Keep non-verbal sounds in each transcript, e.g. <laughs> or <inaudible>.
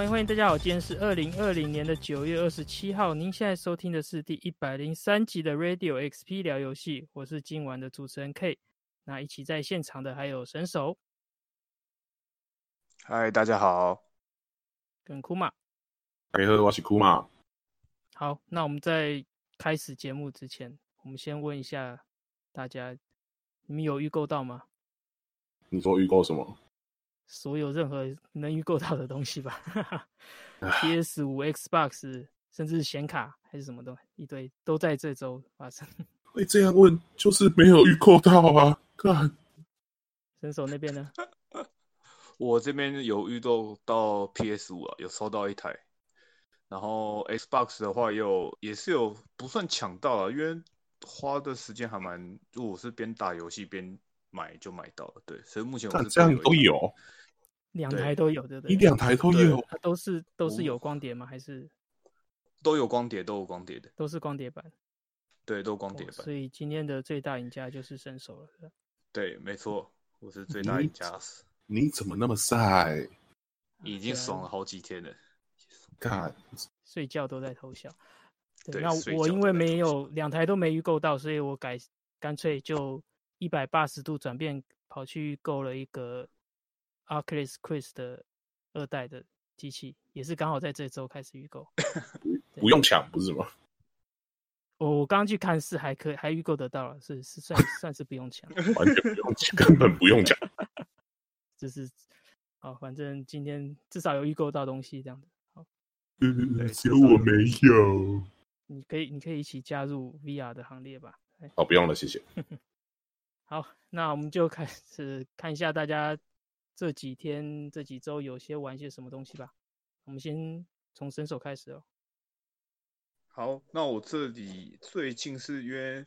歡迎，歡迎大家好！今天是二零二零年的九月二十七號。您現在收聽的是第一百零三集的 Radio XP 聊遊戲，我是今晚的主持人 K。那一起在現場的還有神手。嗨，大家好。跟庫馬。哎呵，我是庫馬。好，那我們在開始節目之前，我們先問一下大家，你們有預購到嗎？你說預購什麼？所有任何能預購到的東西吧 <laughs> ，PS 五、Xbox，甚至顯卡還是什麼的，一堆都在這周發生。會這樣問，就是沒有預購到啊！看，神手那邊呢？我這邊有預購到,到 PS 五啊，有收到一台。然後 Xbox 的話，又也是有不算搶到啊，因為花的時間還蠻……如果是邊打遊戲邊買，就買到了。對，所以目前我們這樣都有。兩台都有的，你對兩台都有，啊、都是都是有光碟嗎？還是都有光碟，都有光碟的，都是光碟版。對，都光碟版、哦。所以今天的最大贏家就是伸手了。對，沒錯，我是最大贏家。你，你怎麼那麼帥？啊啊、已經爽了好幾天了。看，God. 睡覺都在偷笑。對，對那我，我因為沒有兩台都沒預購到，所以我改乾脆就一百八十度轉變，跑去預購了一個。Oculus Quest 的二代的機器也是剛好在這周開始預購，不,不用搶對不是嗎、哦？我剛去看是還可以，還預購得到了，是是算 <laughs> 算是不用搶，完全不用搶， <laughs> 根本不用搶，就是好，反正今天至少有預購到東西這樣子，好，對對、嗯、對，只有,有我沒有，你可以你可以一起加入 VR 的行列吧？好，不用了，謝謝。 <laughs> 好，那我們就開始看一下大家。這幾天、這幾周有些玩些什麼東西吧？我們先從新手開始哦。好，那我這裡最近是因為、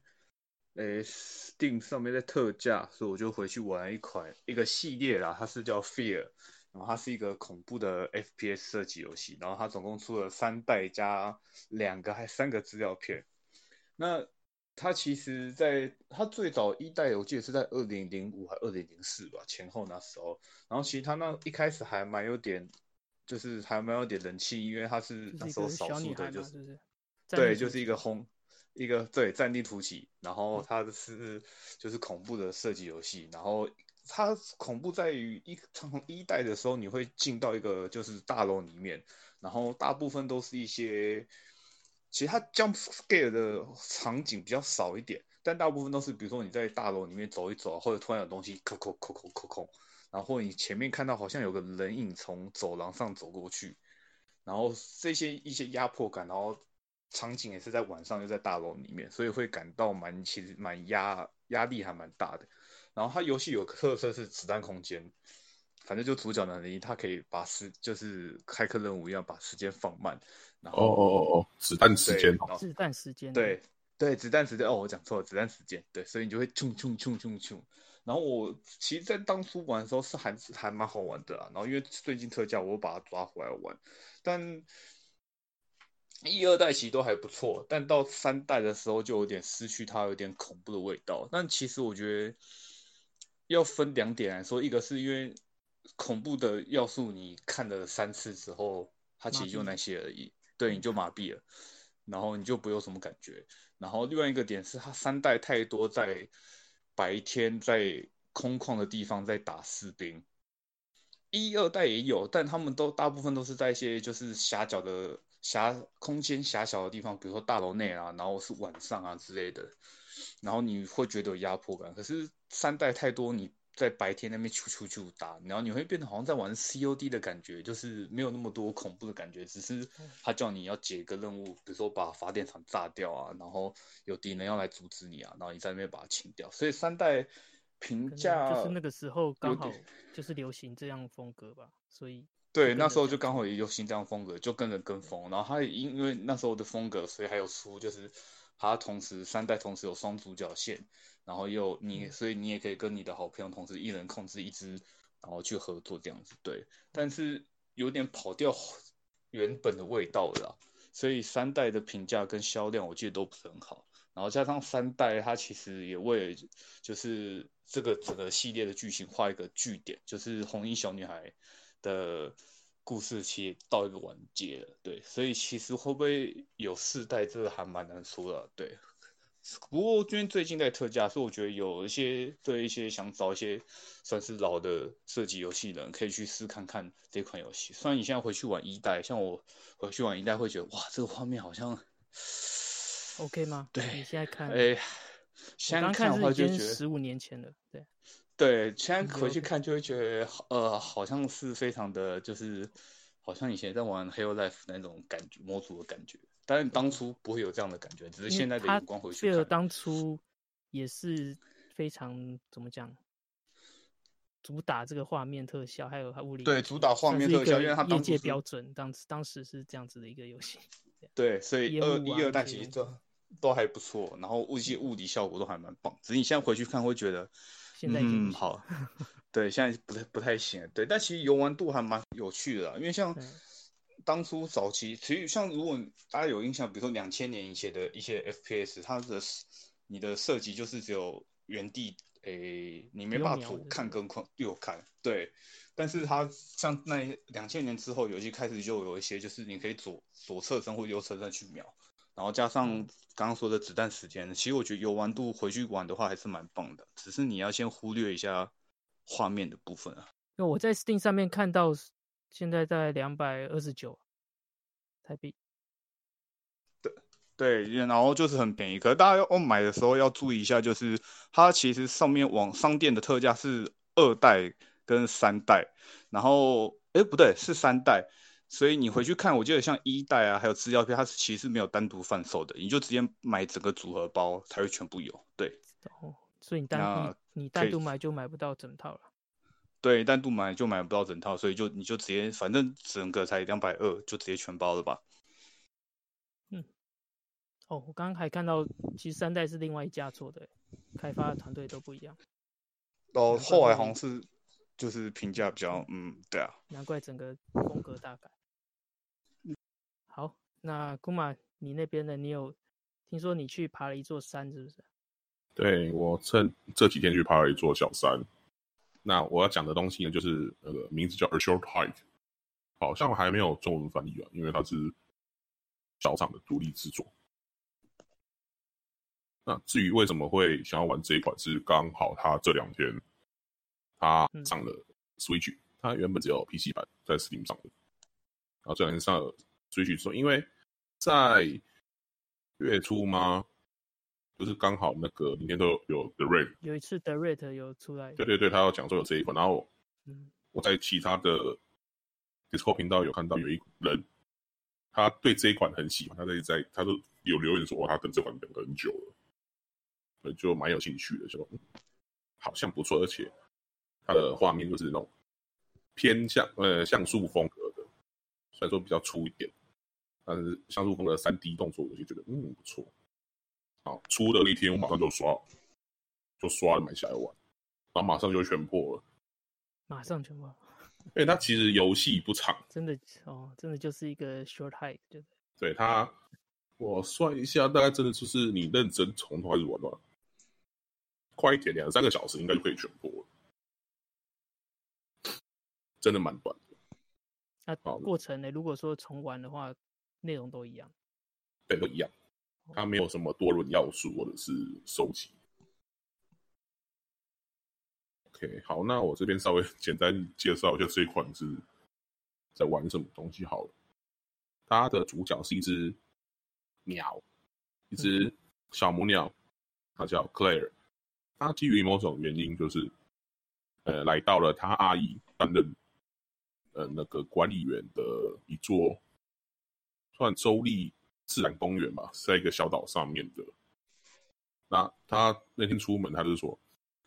欸、Steam 上面的特價，所以我就回去玩一款一個系列啦，它是叫《Fear》，然後它是一個恐怖的 FPS 射擊遊戲，然後它總共出了三代加兩個還三個資料片。那它其實在，在它最早一代，我記得是在二零零五還二零零四吧，前後那時候。然後其實它那一開始還蠻有點，就是還蠻有點人氣，因為它是那時候少數的就是，對，就是一個轟，一個對，戰地突起。然後它是、嗯、就是恐怖的射擊遊戲。然後它恐怖在於一從一代的時候，你會進到一個就是大樓裡面，然後大部分都是一些。其他 jump scare 的場景比較少一點，但大部分都是比如說你在大樓裡面走一走，或者突然有東西咕咕咕咕咕咕、空空空空，然後你前面看到好像有個人影從走廊上走過去，然後這些一些壓迫感，然後場景也是在晚上又在大樓裡面，所以會感到蠻其實蠻壓壓力還蠻大的。然後它遊戲有個特色是子彈空間，反正就主角能力，它可以把時就是開課任務一樣把時間放慢。對對哦哦哦哦，子彈時間，子彈時間，對對，子彈時間。哦，我講錯了，子彈時間。對，所以你就會衝衝衝衝衝。然後我其實在當初玩的時候是還還蠻好玩的啊。然後因為最近特價，我又把它抓回來玩。但一二代其實都還不錯，但到三代的時候就有點失去它有點恐怖的味道。但其實我覺得要分兩點來說，一個是因為恐怖的要素你看了三次之後，它其實就那些而已。對，你就麻痹了，然後你就沒有什麼感覺。然後另外一個點是，它三代太多，在白天、在空曠的地方在打士兵，一二代也有，但他們都大部分都是在一些就是狹角的狹空間狹小的地方，比如說大樓內啊，然後是晚上啊之類的，然後你會覺得有壓迫感。可是三代太多，你。在白天那邊出出就打，然後你會變得好像在玩 COD 的感覺，就是沒有那麼多恐怖的感覺，只是他叫你要解一個任務，比如說把發電廠炸掉啊，然後有敵人要來阻止你啊，然後你在那邊把它清掉。所以三代評價就是那個時候剛好就是流行這樣風格吧，有對 所以對，那時候就剛好也流行這樣風格，就跟人跟風，對 然後他因因為那時候的風格，所以還有出就是他同時三代同時有雙主角線。然後又你，所以你也可以跟你的好朋友，同時一人控制一隻，然後去合作這樣子。對，但是有點跑掉原本的味道了。所以三代的評價跟銷量，我記得都不是很好。然後加上三代，它其實也為了就是這個整個系列的劇情畫一個句點，就是紅衣小女孩的故事其實到一個完結了。對，所以其實會不會有四代，這個還蠻難說的。對。不過因為最近在特價，所以我覺得有一些對一些想找一些算是老的射擊遊戲的人，可以去試看看這款遊戲。雖然你現在回去玩一代，像我回去玩一代會覺得哇，這個畫面好像 OK 嗎？對，現在看，欸、現在看的話就覺得十五年前的，對對，現在回去看就會覺得好呃，好像是非常的就是，好像以前在玩《Half-Life》那種感覺模組的感覺。但是當初不會有這樣的感覺，只是現在的眼光回去看。當初也是非常怎麼講，主打這個畫面特效，還有它物理。對，主打畫面特效，因為它是業界標準，當當,當時是這樣子的一個遊戲。對，所以二、啊、一二代其實都都還不錯，然後物系物理效果都還蠻棒。對只是你現在回去看會覺得，現在已經嗯，好， <laughs> 對，現在不太不太行，對，但其實遊玩度還蠻有趣的啦，因為像。當初早期其實像，如果大家有印象，比如說兩千年以前的一些 FPS，它的你的設計就是只有原地，誒、欸，你沒辦法左看跟右看，不用瞄是不是？對。但是它像那兩千年之後，遊戲開始就有一些，就是你可以左左側身或右側身去瞄，然後加上剛剛說的子彈時間，其實我覺得遊玩度回去玩的話還是蠻棒的，只是你要先忽略一下畫面的部分啊。因為我在 Steam 上面看到。現在在兩百二十九台幣。對對，然後就是很便宜，可是大家要買的時候要注意一下，就是它其實上面網商店的特價是二代跟三代，然後哎不對，是三代，所以你回去看，嗯、我記得像一代啊，還有資料片，它其實是沒有單獨販售的，你就直接買整個組合包才會全部有。對，哦、所以你單獨那你，你單獨以買就買不到整套了。對，單獨買就買不到整套，所以就你就直接，反正整個才兩百二，就直接全包了吧。嗯，哦，我剛剛還看到，其實三代是另外一家做的，開發團隊都不一樣。哦，後來好像是、嗯、就是評價比較，嗯，對啊，難怪整個風格大改。嗯，好，那姑媽你那邊的，你有聽說你去爬了一座山是不是？對，我趁這幾天去爬了一座小山。那我要講的東西呢，就是那個名字叫《A Short Hike》，好像還沒有中文翻譯啊，因為它是小廠的獨立製作。那至於為什麼會想要玩這一款，是剛好它這兩天它上了 Switch，它原本只有 PC 版在 Steam 上的，然後這兩天上了 Switch 之後，因為在月初嘛。就是剛好那個明天都有，有 The Rate，有一次 The Rate 有出來，對對對，他要講說有這一款，然後我，嗯、我在其他的 Discord 頻道有看到有一人，他對這一款很喜歡，他在在他都有留言說哇，他等這款等很久了，就蠻有興趣的，就好像不錯，而且它的畫面就是那種偏向呃像素風格的，雖然說比較粗一點，但是像素風格三 D 動作我就覺得嗯不錯。好出的那天，我馬上就刷，就刷了買下來玩，然後馬上就全破了，馬上全破。哎，他其實遊戲不長，真的哦，真的就是一個 short hike，對不對？對，他我算一下，大概真的就是你認真從頭開始玩，快一點兩三個小時應該就可以全破了，真的蠻短的。那過程呢？的如果說重玩的話，內容都一樣？對，都一樣。它沒有什麼多輪要素，或者是收集。OK，好，那我這邊稍微簡單介紹一下這一款是在玩什麼東西好了。它的主角是一隻鳥，喵一隻小母鳥，它叫 Claire。它基於某種原因，就是呃來到了他阿姨擔任呃那個管理員的一座算州立自然公園吧，是在一個小島上面的。那他那天出門，他就說，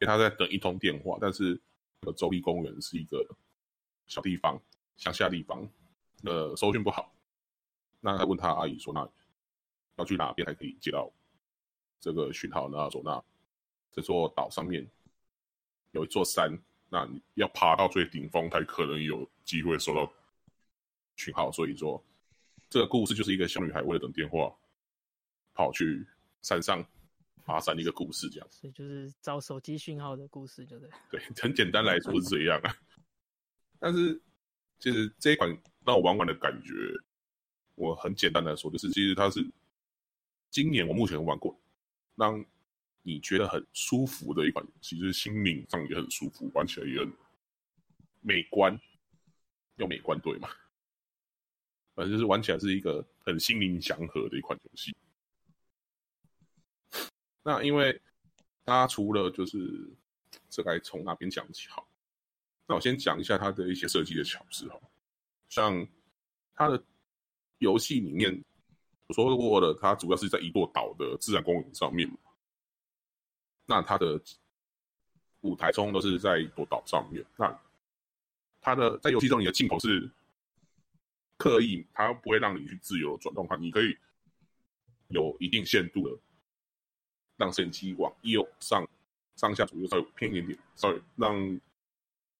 因為他在等一通電話。但是，這個州立公園是一個小地方，鄉下地方，呃，收訊不好。那他問他阿姨說：“那要去哪邊才可以接到這個訊號呢？”然後說：“那這座島上面有一座山，那你要爬到最頂峰才可能有機會收到訊號。”所以說。這個故事就是一個小女孩為了等電話，跑去山上爬山一個故事，這樣。所以就是找手機訊號的故事，對不對？對，很簡單來說是這樣啊。 <laughs> 但是其實這一款讓我玩玩的感覺，我很簡單的說就是，其實它是今年我目前玩過讓你覺得很舒服的一款，其實心靈上也很舒服，玩起來也很美觀，要美觀對嗎？反正就是玩起來是一個很心靈祥和的一款遊戲。 <laughs> 那因為它除了就是，這該從哪邊講起好？那我先講一下它的一些設計的巧思哈。像它的遊戲裡面我說過了，它主要是在一座島的自然公園上面。那它的舞台中都是在一座島上面。那它的在遊戲中你的鏡頭是，刻意，它不會讓你去自由轉動它。你可以有一定限度的讓攝影機往右上、上下左右稍微偏一點點，稍微讓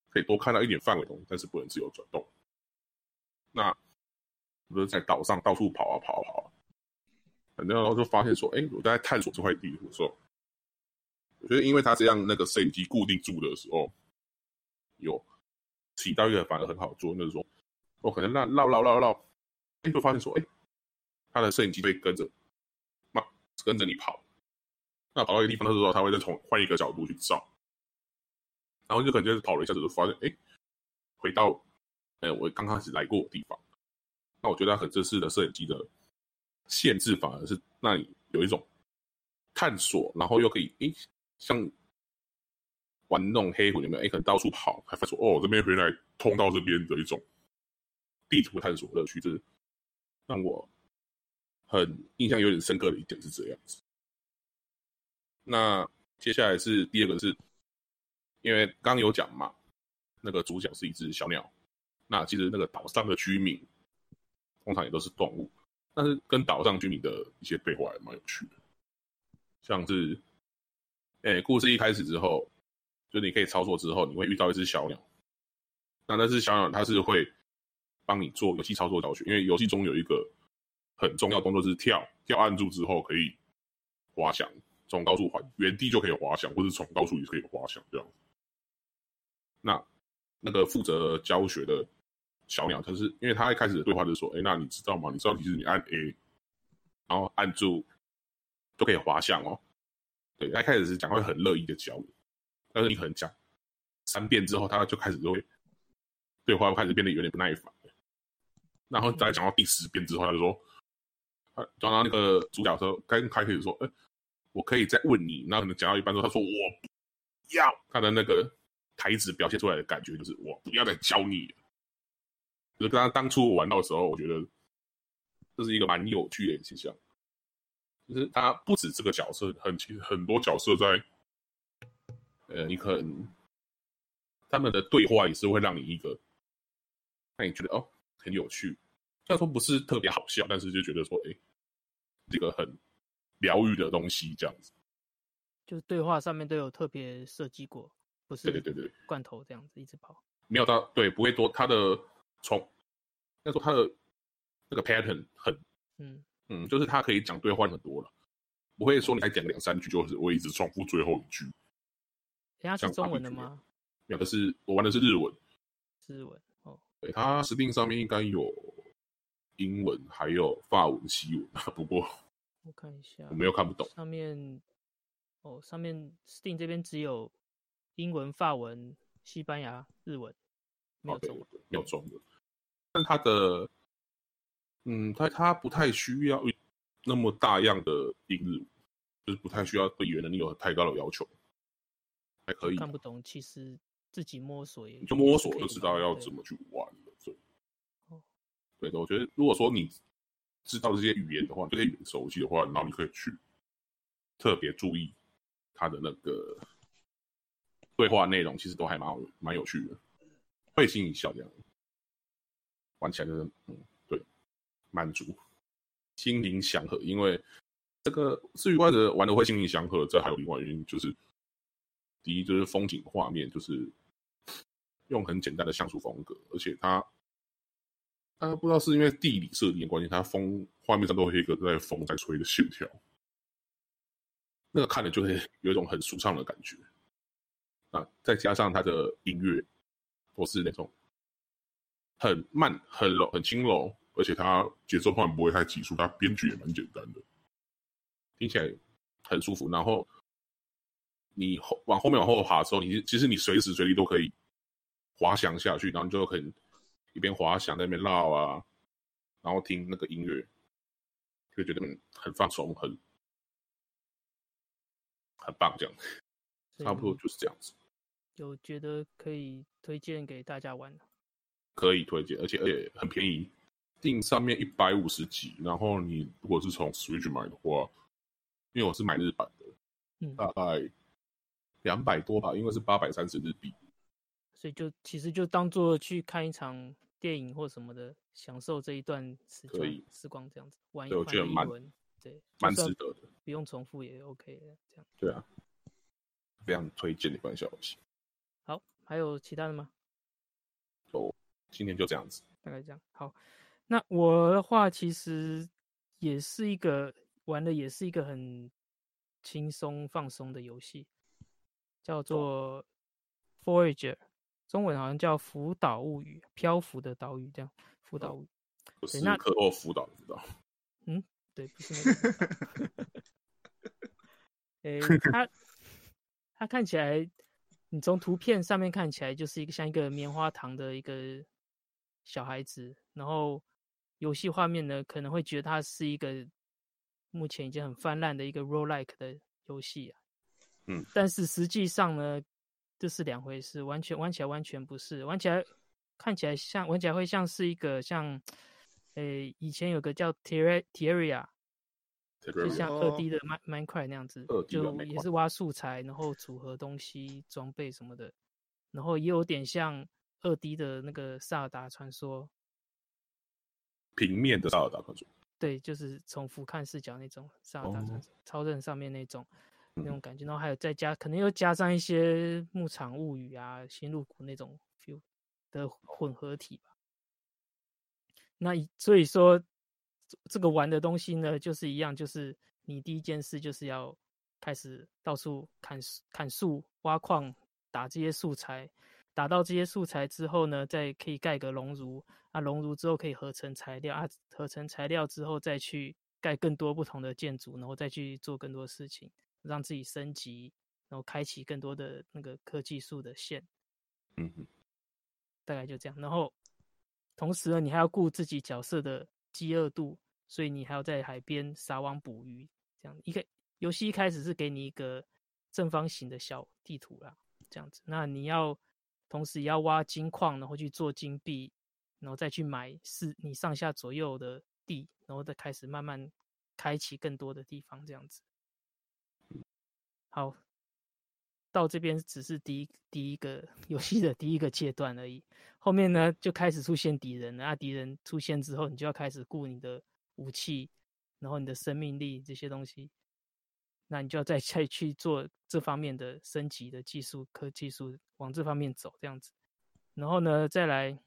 可以多看到一點範圍東西，但是不能自由轉動。那我就在島上到處跑啊跑啊跑，啊，反正然後就發現說，哎、欸，我在探索這塊地圖的時候。我覺得因為它這樣那個攝影機固定住的時候，有起到一個反而很好做那種。我可能那繞繞繞繞，哎、欸，就發現說，哎、欸，他的攝影機會跟着，那跟着你跑，那跑到一個地方的時候，他會再從換一個角度去照，然後就可能就是跑了一下子，就發現，哎、欸，回到，哎、欸，我剛開始來過的地方，那我覺得他很正式的攝影機的限制，反而是那裡有一種探索，然後又可以，哎、欸，像玩弄黑魂有沒有？哎、欸，可能到處跑，還發現說，哦，這邊回來通到這邊的一種。地圖探索樂趣，就是讓我很印象有點深刻的一點是這樣子。那接下來是第二個是，是因為剛有講嘛，那個主角是一隻小鳥，那其實那個島上的居民通常也都是動物，但是跟島上居民的一些對話還蠻有趣的，像是，哎、欸，故事一開始之後，就你可以操作之後，你會遇到一隻小鳥，那那隻小鳥它是會。幫你做遊戲操作教學，因為遊戲中有一個很重要動作是跳，跳按住之後可以滑翔，從高處滑，原地就可以滑翔，或者從高處也可以滑翔這樣。那那個負責教學的小鳥，就是，它是因為它一開始對話就說：“哎、欸，那你知道嗎？你知道其實你按 A，然後按住都可以滑翔哦。”對，他一開始是講會很樂意的教你，但是你可能講三遍之後，他就開始就會對話開始變得有點不耐煩。然後再講到第十遍之後，他就說：“他，講到那個主角的時候，剛開始說：‘誒我可以再問你。’然後可能講到一半之後，他說：‘我不要。’他的那個台詞表現出來的感覺，就是我不要再教你了。就是跟他當初玩到的時候，我覺得這是一個蠻有趣的現象。就是他不止這個角色，很其實很多角色在，呃，你可能他們的對話也是會讓你一個，讓你覺得哦。”很有趣，雖然說不是特別好笑，但是就覺得說，哎、欸，這個很療癒的東西，這樣子。就是對話上面都有特別設計過，不是，對對對罐頭這樣子對對對一直跑。沒有到對，不會多。他的從，再說他的那個 pattern 很，嗯嗯，就是他可以講對話很多了，不會說你再講兩三句就，就是我一直重複最後一句。人家、欸、是中文的嗎？有的是我玩的是日文。是日文。對，它 Steam 上面應該有英文，還有法文、西文。不過我看一下，我沒有看不懂。上面哦，上面 Steam 這邊只有英文、法文、西班牙、日文，沒有中文，Okay, 沒有中文。但它的嗯，它它、嗯、不太需要那麼大樣的英日文，就是不太需要對語言能力有太高的要求，還可以看不懂。其實自己摸索，也，就摸索就知道要怎麼去玩。對的，我覺得如果說你知道這些語言的話，這些語言熟悉的話，然後你可以去特別注意他的那個對話內容，其實都還蠻好、蠻有趣的，會心一笑這樣。玩起來就是，嗯，對，滿足心靈祥和。因為這、那個《治癒怪的，玩的會心靈祥和，這還有另外一個原因，就是第一就是風景畫面就是用很簡單的像素風格，而且它啊，不知道是因為地理設定的關係，它風畫面上都有一個在風在吹的線條，那個看着就會有一種很舒暢的感覺啊！再加上它的音樂，都是那種很慢、很柔、很輕柔，而且它節奏放的不會太急促，它編曲也蠻簡單的，聽起來很舒服。然後你後往後面往後爬的時候，你其實你隨時隨地都可以滑翔下去，然後你就可以。一邊滑翔，在那邊繞啊，然後聽那個音樂，就覺得嗯，很放鬆，很很棒，這樣子，所以差不多就是這樣子。有覺得可以推薦給大家玩？啊？可以推薦，而且而且很便宜，訂上面一百五十幾，然後你如果是從 Switch 買的話，因為我是買日版的，大概兩百多吧，因為是八百三十日幣，嗯、所以就其實就當做去看一場。電影或什麼的，享受這一段時可以時光這樣子玩一玩英文，對，蠻值得對的，不用重複也 OK 的，這樣對啊，非常推薦的一款小遊戲。好，還有其他的嗎？就、哦、今天就這樣子，大概這樣。好，那我的話其實也是一個玩的，也是一個很輕鬆放鬆的遊戲，叫做 Forager。中文好像叫《浮島物語》，漂浮的島嶼這樣，《浮島物語》哦、不是、欸、那哦，島《浮島物語》嗯，對，不是那個。誒、 <laughs> <laughs> 欸，它它看起來，你從圖片上面看起來就是一個像一個棉花糖的一個小孩子，然後遊戲畫面呢，可能會覺得它是一個目前已經很氾濫的一個 rogue like 的遊戲啊。嗯，但是實際上呢？這是兩回事，完全玩起來完全不是玩起來，看起來像玩起來會像是一個像，誒、欸，以前有個叫 Terraria，就像二 D 的《Minecraft》那樣子，就也是挖素材，然後組合東西、裝備什麼的，然後也有點像二 D 的那個薩的、就是那《薩爾達傳說》哦，平面的《薩爾達傳說》。對，就是從俯瞰視角那種《薩爾達傳說》，超正上面那種。那種感覺，然後還有再加，可能又加上一些牧場物語啊、星露谷那種 feel 的混合體吧。那以所以說，這個玩的東西呢，就是一樣，就是你第一件事就是要開始到處砍砍樹、挖礦、打這些素材。打到這些素材之後呢，再可以蓋個熔爐。啊，熔爐之後可以合成材料啊，合成材料之後再去蓋更多不同的建築，然後再去做更多的事情。讓自己升級，然後開啟更多的那個科技樹的線，嗯嗯哼，大概就這樣。然後同時呢，你還要顧自己角色的飢餓度，所以你還要在海邊撒網捕魚。這樣一個遊戲一開始是給你一個正方形的小地圖啦，這樣子。那你要同時也要挖金礦，然後去做金幣，然後再去買四你上下左右的地，然後再開始慢慢開啟更多的地方，這樣子。好，到這邊只是第一第一個遊戲的第一個階段而已。後面呢，就開始出現敵人了，啊敵人出現之後，你就要開始顧你的武器，然後你的生命力這些東西。那你就要再再去做這方面的升級的技術科技術，往這方面走這樣子。然後呢，再來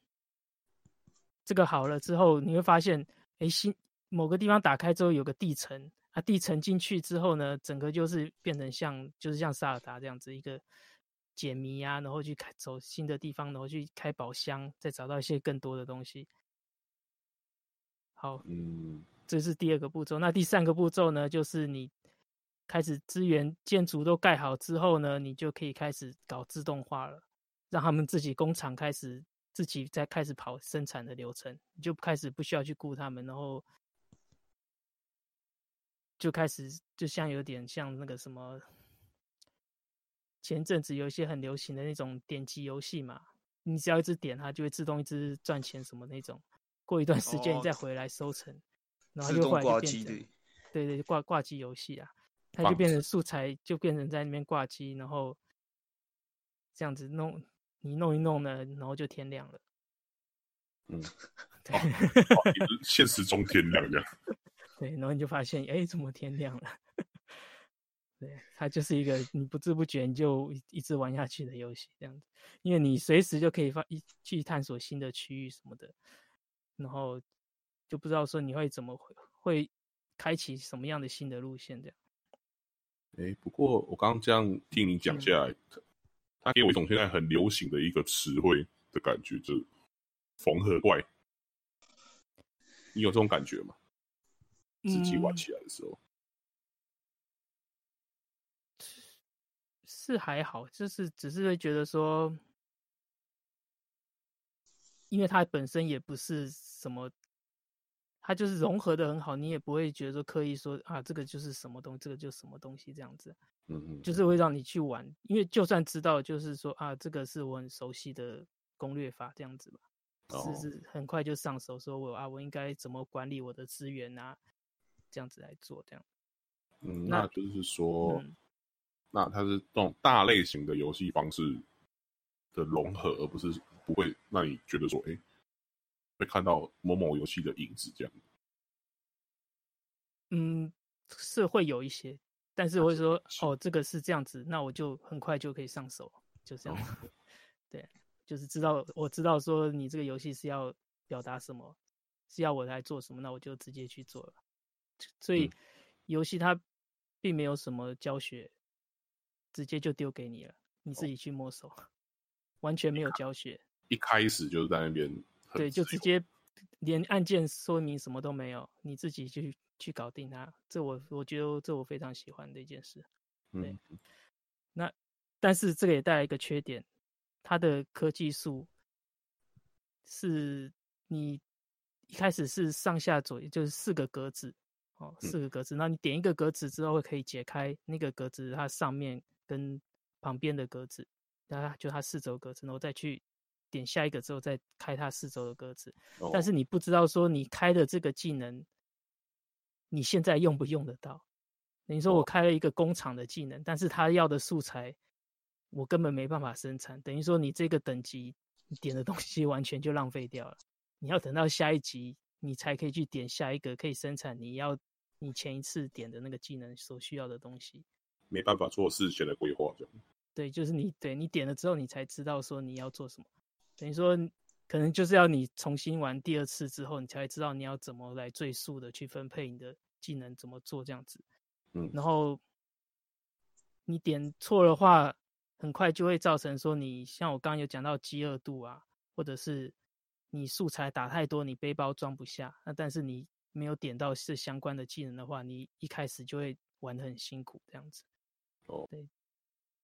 這個好了之後，你會發現，哎、欸，新某個地方打開之後有個地層。啊，地沉進去之後呢，整個就是變成像，就是像薩爾達這樣子一個解謎啊，然後去開走新的地方，然後去開寶箱，再找到一些更多的東西。好，這是第二個步驟。那第三個步驟呢，就是你開始資源建築都蓋好之後呢，你就可以開始搞自動化了，讓他們自己工廠開始自己再開始跑生產的流程，你就開始不需要去僱他們，然後。就開始，就像有點像那個什麼，前陣子有一些很流行的那種點擊遊戲嘛，你只要一直點，它就會自動一直賺錢什麼那種。過一段時間你再回來收成，然後又回來就變成，對對掛，掛掛機遊戲啊，它就變成素材，就變成在那邊掛機，然後這樣子弄，你弄一弄呢，然後就天亮了。嗯，對，現實中天亮的。嗯 <laughs> 對，然後你就發現，哎，怎麼天亮了？ <laughs> 對，它就是一個你不知不覺你就一直玩下去的遊戲這樣子，因為你隨時就可以發去探索新的區域什麼的，然後就不知道說你會怎麼會會開啟什麼樣的新的路線這樣。哎，不過我剛剛這樣聽你講下來，嗯，它給我一種現在很流行的一個詞彙的感覺，就是縫合怪。你有這種感覺嗎？自己玩起來的時候，嗯，是還好，就是只是會覺得說，因為它本身也不是什麼，它就是融合的很好，你也不會覺得說刻意說啊，這個就是什麼東西，這個就什麼東西這樣子。嗯哼就是會讓你去玩，因為就算知道，就是說啊，這個是我很熟悉的攻略法這樣子吧，哦、是是很快就上手，說我啊，我應該怎麼管理我的資源啊。這樣子來做，這樣，嗯，那就是說，那，嗯、那它是這種大類型的遊戲方式的融合，而不是不會讓你覺得說，哎、欸，會看到某某遊戲的影子這樣。嗯，是會有一些，但是我會說，啊、哦，這個是這樣子，那我就很快就可以上手，就這樣、哦、對，就是知道，我知道說你這個遊戲是要表達什麼，是要我來做什麼，那我就直接去做了。所以遊戲它並沒有什麼教學，嗯、直接就丟給你了，你自己去摸索，哦、完全沒有教學。一開始就在那邊，對，就直接連按鍵說明什麼都沒有，你自己就去搞定它。這我我覺得這我非常喜歡的一件事。對。嗯、那但是這個也帶來一個缺點，它的科技樹是你一開始是上下左右就是四個格子。哦，四個格子，那、嗯、你點一個格子之後，會可以解開那個格子，它上面跟旁邊的格子，然後就它四周格子，然後我再去點下一個之後，再開它四周的格子。哦、但是你不知道說你開的這個技能，你現在用不用得到？等於說我開了一個工廠的技能，哦、但是他要的素材，我根本沒辦法生產。等於說你這個等級，你點的東西完全就浪費掉了。你要等到下一級，你才可以去點下一個可以生產你要。你前一次點的那個技能所需要的東西，沒辦法做事前的規劃。對，就是你對你點了之後，你才知道說你要做什麼。等於說，可能就是要你重新玩第二次之後，你才知道你要怎麼來最速的去分配你的技能，怎麼做這樣子。嗯，然後你點錯的話，很快就會造成說你，像我剛剛有講到飢餓度啊，或者是你素材打太多，你背包裝不下。那但是你。沒有點到這相關的技能的話，你一開始就會玩得很辛苦這樣子。哦，對，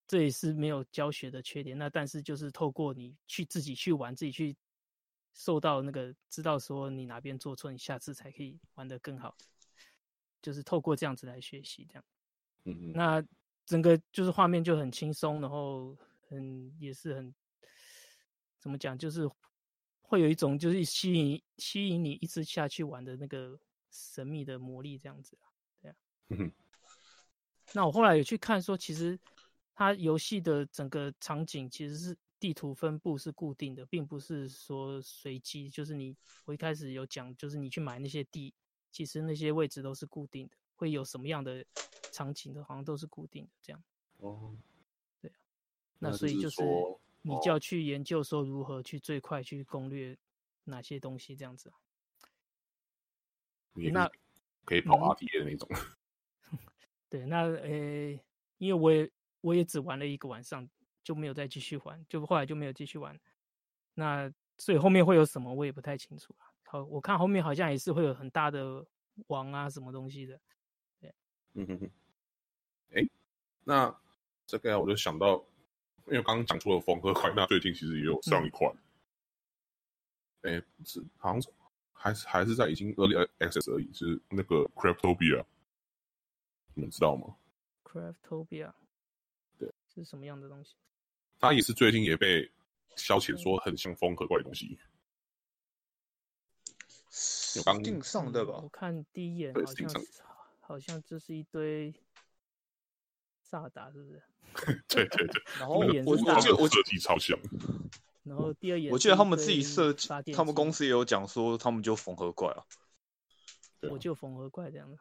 這也是沒有教學的缺點。那但是就是透過你去自己去玩，自己去受到那個知道說你哪邊做錯，你下次才可以玩得更好。就是透過這樣子來學習這樣。嗯嗯哼。那整個就是畫面就很輕鬆，然後很也是很怎麼講就是。會有一種就是吸引吸引你一直下去玩的那個神秘的魔力這樣子啊，對啊。嗯、那我後來有去看說，其實它遊戲的整個場景其實是地圖分布是固定的，並不是說隨機。就是你我一開始有講，就是你去買那些地，其實那些位置都是固定的，會有什麼樣的場景的，好像都是固定的這樣。哦。對啊。那所以就是。你就要去研究說如何去最快去攻略哪些東西，這樣子。嗯、那可以跑馬幣的那種。嗯、對，那呃、欸，因為我也我也只玩了一個晚上，就沒有再繼續玩，就後來就沒有繼續玩。那所以後面會有什麼，我也不太清楚了。好，我看後面好像也是會有很大的王啊，什麼東西的。對。嗯哼哼。哎、欸，那這個我就想到。因為剛剛講出了風格，那最近其實也有上一塊。哎、嗯欸，是，好像還是還是在已經惡劣而 access 而已，就是那個 cryptobia，你們知道嗎？cryptobia，raft 對，是什麼樣的東西？它也是最近也被消遣說很像風格怪的東西。有對剛頂上的吧？我看第一眼，好像好像這是一堆薩達，是不是？ <laughs> 對對對， <laughs> 然後我我這我自己超像，然後第二眼我記得他們自己設計，他們公司也有講說他們就縫合怪啊，我就縫合怪這樣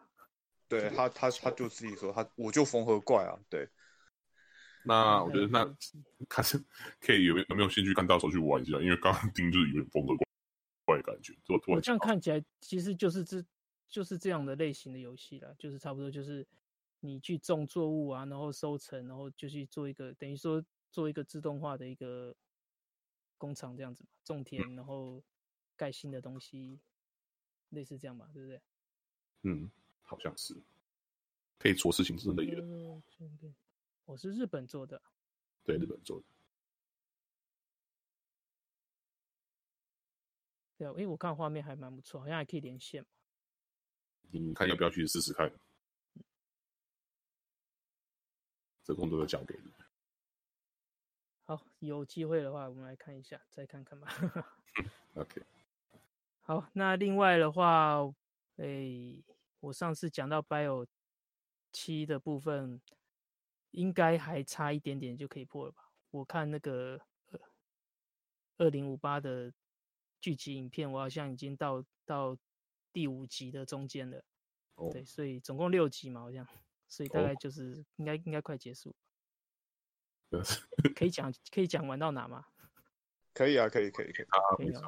對、啊、對他他他就自己說他我就縫合怪啊，對，那我覺得那 Okay. 看可以有沒有沒有興趣看大手去玩一下，因為剛剛聽就是有點縫合怪、怪的感覺，突想我突這樣看起來其實就是這就是這樣的類型的遊戲了，就是差不多就是。你去種作物啊，然後收成，然後就去做一個，等於說做一個自動化的一個工廠這樣子嘛，種田，然後蓋新的東西，嗯、類似這樣吧，對不對？嗯，好像是，可以做事情之類的、嗯。我是日本做的。對，日本做的。對啊，哎，我看畫面還蠻不錯，好像還可以連線嘛。你看要不要去試試看？這工作就交給你。好，有機會的話，我們來看一下，再看看吧。 <laughs> OK. 好，那另外的話，哎、欸，我上次講到 Bio 七的部分，應該還差一點點就可以破了吧？我看那個二零五八的劇集影片，我好像已經到到第五集的中間了。哦。Oh. 對，所以總共六集嘛，好像。所以大概就是應該、oh. 應該快結束 <laughs> 可以講，可以講，可以講玩到哪嗎？可以啊，可以可以可以，啊可以了。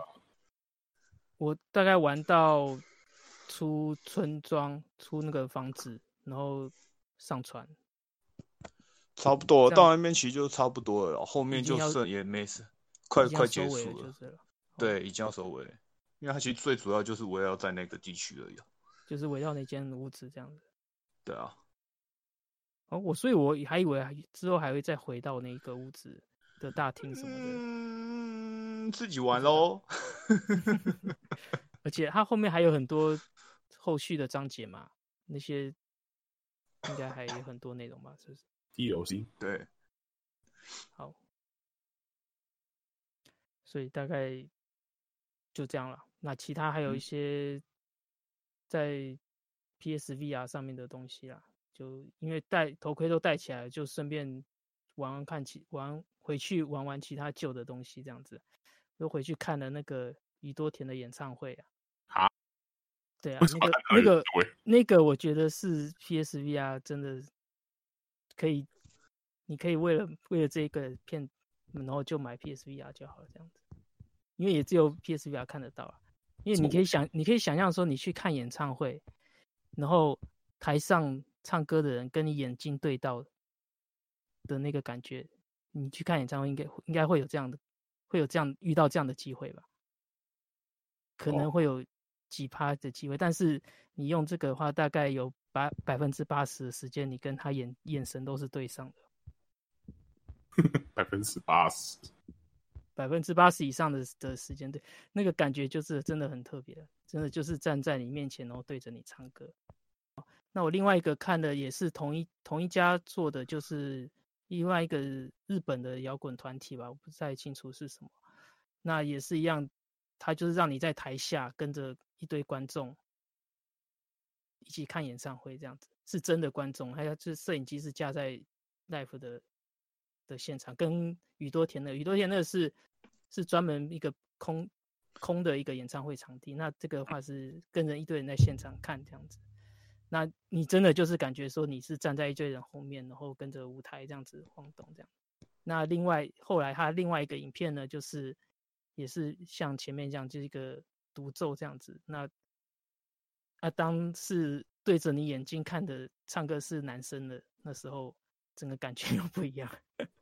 我大概玩到出村莊，出那個房子，然後上船。差不多、嗯、到那邊其實就差不多了，後面就剩也沒事，快快結束了。了就是了哦、對，已經要收尾了，因為它其實最主要就是圍繞在那個地區而已。就是圍繞那間屋子這樣子。對啊。哦，我所以我還以為之後還會再回到那個屋子的大廳什麼的，嗯，自己玩嘍。 <laughs> 而且它後面還有很多後續的章節嘛，那些應該還有很多內容吧，是不是？DLC 對，好，所以大概就這樣了。那其他還有一些在 PSVR 上面的東西啦。就因為戴頭盔都戴起來了，就順便玩玩看其玩回去玩玩其他舊的東西，這樣子又回去看了那個宇多田的演唱會啊。好蛤，對啊，那個那個那個，那個那個，我覺得是 PSVR 真的可以，你可以為了為了這個片，然後就買 PSVR 就好了，這樣子，因為也只有 PSVR 看得到了啊。因為你可以想，我你可以想象說你去看演唱會，然後台上。唱歌的人跟你眼睛對到的，那個感覺，你去看演唱會應該應該會有這樣的，會有這樣遇到這樣的機會吧？可能會有幾趴的機會，Oh. 但是你用這個的話，大概有百百分之八十的時間，你跟他眼眼神都是對上的。百分之八十，百分之八十以上的的時間對，那個感覺就是真的很特別的，真的就是站在你面前，然後對着你唱歌。那我另外一個看的也是同一同一家做的，就是另外一個日本的搖滾團體吧，我不太清楚是什麼。那也是一樣，他就是讓你在台下跟着一堆觀眾一起看演唱會，這樣子是真的觀眾。還有就是攝影機是架在 live 的的現場，跟宇多田的、宇多田那個是是專門一個空空的一個演唱會場地。那這個的話是跟着一堆人在現場看這樣子。那你真的就是感覺說你是站在一堆人後面，然後跟着舞台這樣子晃動這樣。那另外後來他另外一個影片呢，就是也是像前面這樣，就是一個獨奏這樣子。那啊，當是對着你眼睛看的唱歌是男生的那時候，整個感覺又不一樣，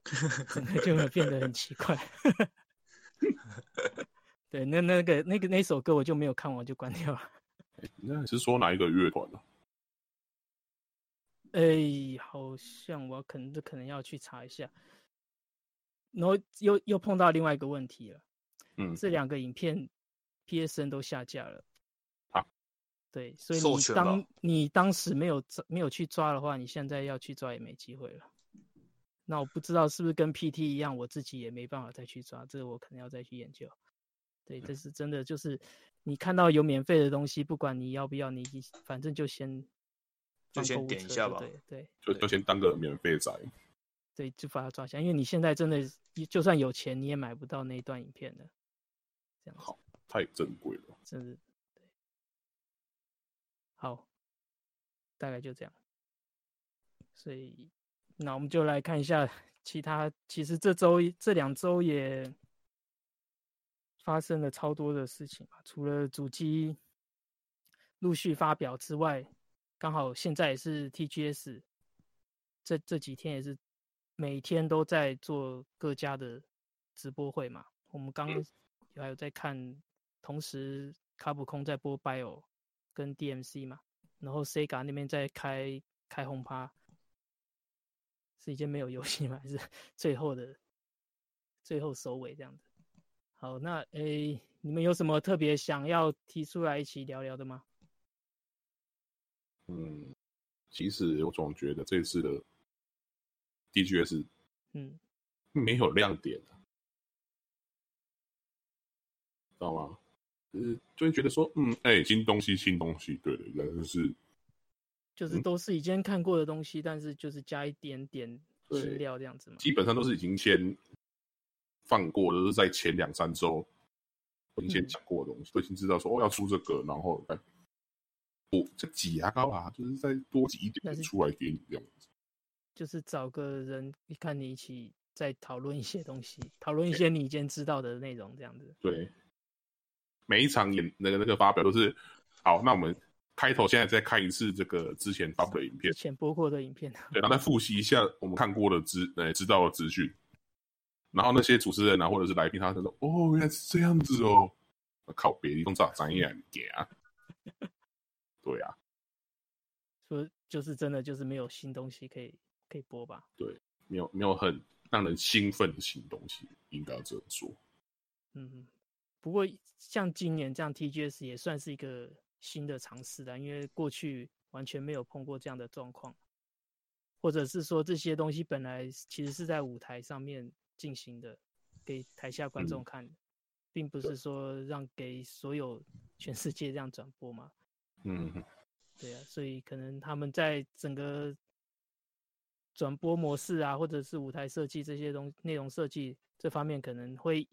可 <laughs> 能就會變得很奇怪。 <laughs> 對，那那個那個那首歌我就沒有看完就關掉了。那、欸、你是說哪一個樂團呢？哎、欸，好像我可能就可能要去查一下，然後又又碰到另外一個問題了。嗯，這兩個影片 PSN 都下架了。啊、對，所以你當你當時沒有沒有去抓的話，你現在要去抓也沒機會了。那我不知道是不是跟 PT 一樣，我自己也沒辦法再去抓，這個我可能要再去研究。對，這是真的，就是你看到有免費的東西，不管你要不要，你反正就先。就先點一下吧，對，嗯，就就先當個免費仔，對，就把它抓下，因為你現在真的就算有錢，你也買不到那一段影片的，這樣，好，太珍貴了，真的，對，好，大概就這樣，所以那我們就來看一下其他，其實這週這兩週也發生了超多的事情吧，除了主機陸續發表之外。剛好現在也是 TGS，這這幾天也是每天都在做各家的直播會嘛。我們剛剛還有在看，同時卡普空在播 Bio 跟 DMC 嘛，然後 Sega 那邊在開開轟趴，是已經沒有遊戲嗎？還是最後的最後收尾這樣子？好，那誒，你們有什麼特別想要提出來一起聊聊的嗎？嗯，其實我總覺得這次的 DGS，嗯，沒有亮點，嗯、知道嗎？就是就會覺得說，嗯，哎、欸，新東西，新東西，對，應該就是，就是都是已經看過的東西，嗯、但是就是加一點點資料這樣子嘛。基本上都是已經先放過，都、就是在前兩三週已經先講過的東西，都、嗯、已經知道說哦要出這個，然後。欸哦，這擠牙膏啊，就是再多擠一點點出來給你這樣子。是就是找個人，一看你一起再討論一些東西，討論一些你已經知道的內容這樣子。對，每一場演那個那個發表都、就是好，那我們開頭現在再看一次這個之前發布的影片，之前播過的影片、啊、對，然後再複習一下我們看過的資呃、欸、知道的資訊。然後那些主持人啊，或者是來賓，他就說：“哦，原來是這樣子哦，靠別的，別一種咋專業啊。” <laughs> 對啊，說就是真的，就是沒有新東西可以可以播吧？對，沒有沒有很讓人興奮的新東西應該這樣說。嗯，不過像今年這樣 TGS 也算是一個新的嘗試的，因為過去完全沒有碰過這樣的狀況，或者是說這些東西本來其實是在舞台上面進行的，給台下觀眾看，嗯、並不是說讓給所有全世界這樣轉播嘛。嗯，對啊，所以可能他們在整個轉播模式啊，或者是舞台設計這些東西、內容設計這方面，可能會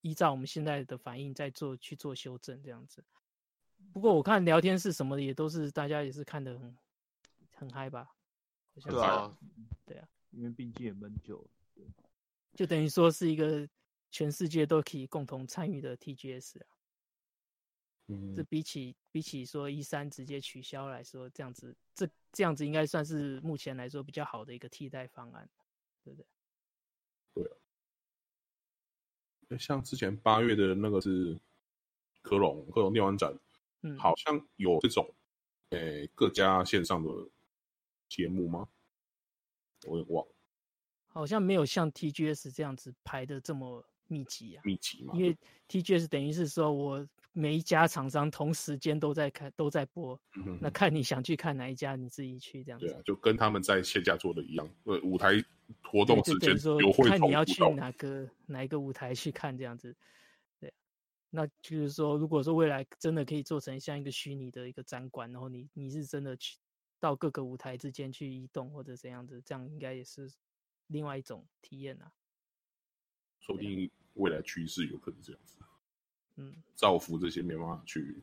依照我們現在的反應再做去做修正這樣子。不過我看聊天室什麼的也都是大家也是看得很很嗨吧？對啊，對啊，因為畢竟也悶久了，對，就等於說是一個全世界都可以共同參與的 TGS 啊。這比起比起說 E3 直接取消來說，這樣子這這樣子應該算是目前來說比較好的一個替代方案，對不對？對啊。像之前八月的那個是科隆科隆電玩展，嗯，好像有這種誒，各家線上的節目嗎？我也忘了，好像沒有像 TGS 這樣子排的這麼密集啊。密集嘛，因為 TGS 等於是說我。每一家廠商同時間都在看，都在播。那看你想去看哪一家，你自己去這樣子。對啊，就跟他們在線下做的一樣，舞台活動之間有互動。你說就看你要去哪個哪一個舞台去看這樣子。對，那就是說，如果說未來真的可以做成像一個虛擬的一個展館，然後你你是真的去到各個舞台之間去移動或者怎樣子，這樣應該也是另外一種體驗啊。說不定未來趨勢有可能這樣子。嗯，造福這些沒辦法去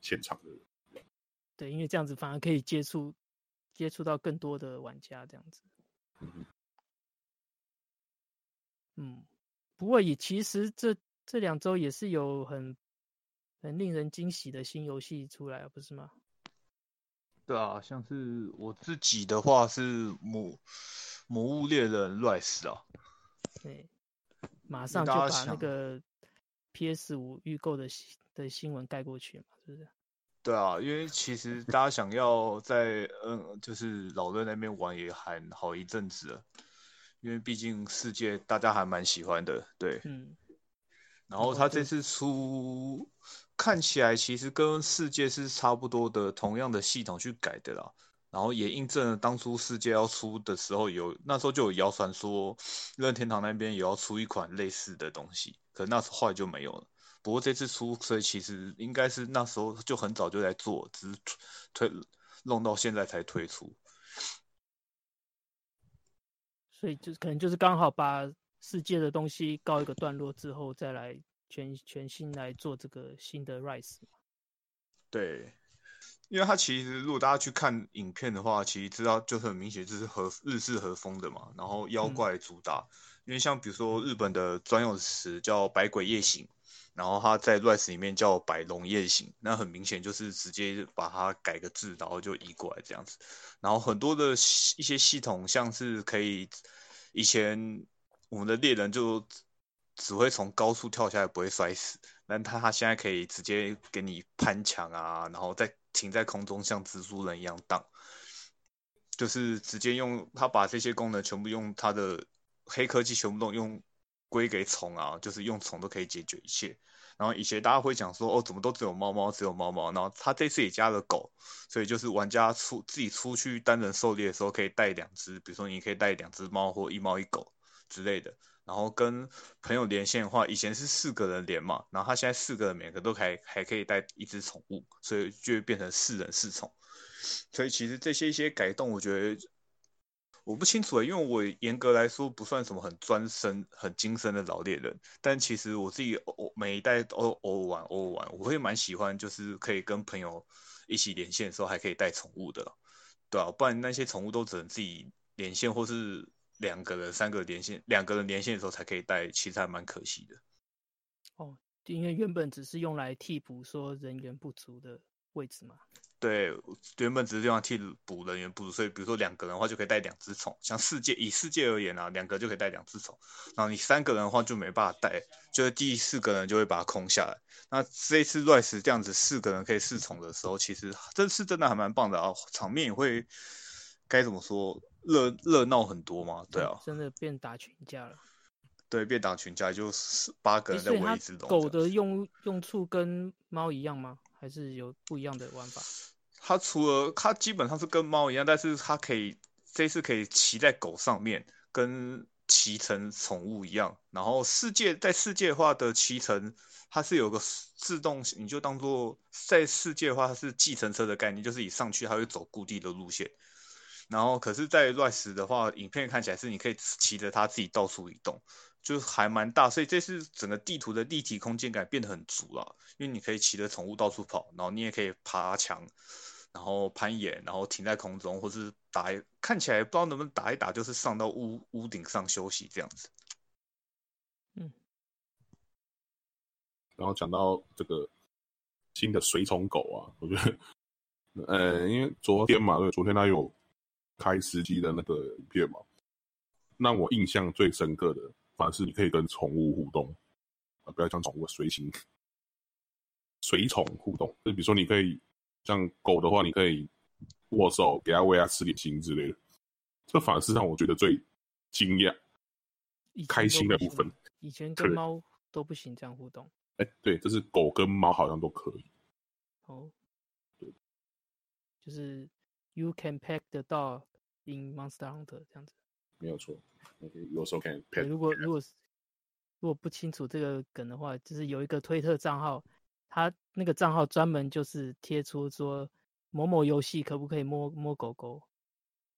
現場的人，對，因為這樣子反而可以接觸接觸到更多的玩家，這樣子。嗯，哼嗯，不過也其實這這兩周也是有很很令人驚喜的新遊戲出來啊，不是嗎？對啊，像是我自己的話是魔魔物獵人 Rise 啊，對，馬上就把那個。P.S. 五預購的新的新聞蓋過去嘛？是不是？對啊，因為其實大家想要在嗯，就是老任那邊玩也還好一陣子了，因為畢竟《世界》大家還蠻喜歡的，對。嗯。然後他這次出，哦、看起來其實跟《世界》是差不多的，同樣的系統去改的啦。然後也印證了當初《世界》要出的時候有，有那時候就有謠傳說任天堂那邊也要出一款類似的東西。可那時候後來就沒有了。不過這次出，所以其實應該是那時候就很早就在做，只是推弄到現在才推出。所以就是可能就是剛好把世界的東西告一個段落之後，再來全全新來做這個新的 Rise。對，因為它其實如果大家去看影片的話，其實知道就很明顯，就是和日式和風的嘛，然後妖怪主打。嗯因為像比如說日本的專用詞叫“百鬼夜行”，然後它在 Rise 裡面叫“百龍夜行”，那很明顯就是直接把它改個字，然後就移過來這樣子。然後很多的一些系統，像是可以以前我們的獵人就只會從高處跳下來不會摔死，但他他現在可以直接給你攀牆啊，然後再停在空中像蜘蛛人一樣盪，就是直接用他把這些功能全部用他的。黑科技全部都用歸給寵啊，就是用寵都可以解決一切。然後以前大家會講說，哦，怎麼都只有貓貓，只有貓貓。然後他這次也加了狗，所以就是玩家出自己出去單人狩獵的時候，可以帶兩隻，比如說你可以帶兩隻貓或一貓一狗之類的。然後跟朋友連線的話，以前是四個人連嘛，然後他現在四個人每個都還還可以帶一隻寵物，所以就會變成四人四寵。所以其實這些一些改動，我覺得。我不清楚、欸、因為我嚴格來說不算什麼很專深、很精深的老獵人，但其實我自己每一代都偶爾玩偶爾玩，我會蠻喜歡，就是可以跟朋友一起連線的時候還可以帶寵物的，對啊，不然那些寵物都只能自己連線，或是兩個人、三個連線，兩個人連線的時候才可以帶，其實還蠻可惜的。哦，因為原本只是用來替補說人員不足的位置嘛。對，原本只是地方替補人員補，所以比如說兩個人的話就可以帶兩隻寵，像世界以世界而言啊，兩個人就可以帶兩隻寵，然後你三個人的話就沒辦法帶，就是第四個人就會把它空下來。那這一次 Rise 這樣子四個人可以試寵的時候，其實這次真的還蠻棒的啊，場面也會該怎麼說熱熱鬧很多嘛？對啊，真的變打群架了，對，變打群架就是八個人在圍着狗的用樣用處跟貓一樣嗎？還是有不一樣的玩法。它除了它基本上是跟貓一樣，但是它可以這次可以騎在狗上面，跟騎乘寵物一樣。然後世界在世界的話的騎乘，它是有個自動，你就當做在世界的話它是計程車的概念，就是你上去它會走固定的路線。然後可是，在 Rise 的話，影片看起來是你可以騎着它自己到處移動。就還蠻大，所以這次整個地圖的立體空間感變得很足了。啊，因為你可以騎着寵物到處跑，然後你也可以爬牆，然後攀岩，然後停在空中，或是打一看起來不知道能不能打一打，就是上到屋屋頂上休息這樣子。嗯，然後講到這個新的隨從狗啊，我覺得，呃、欸，因為昨天嘛，昨天他有開實機的那個影片嘛，讓我印象最深刻的。凡是你可以跟寵物互動，啊，不要講寵物隨行，隨寵互動，就比如說你可以像狗的話，你可以握手，給它餵它吃點心之類的。這個、反而是讓我覺得最驚訝、開心的部分。以前跟貓都不行這樣互動。哎以、欸，對，就是狗跟貓好像都可以。哦，oh. 對，就是 you can pet the dog in Monster Hunter 這樣子。沒有錯，有時候可如果如果是如果不清楚這個梗的話，就是有一個推特賬號他那個賬號專門就是貼出說某某遊戲可不可以摸摸狗狗，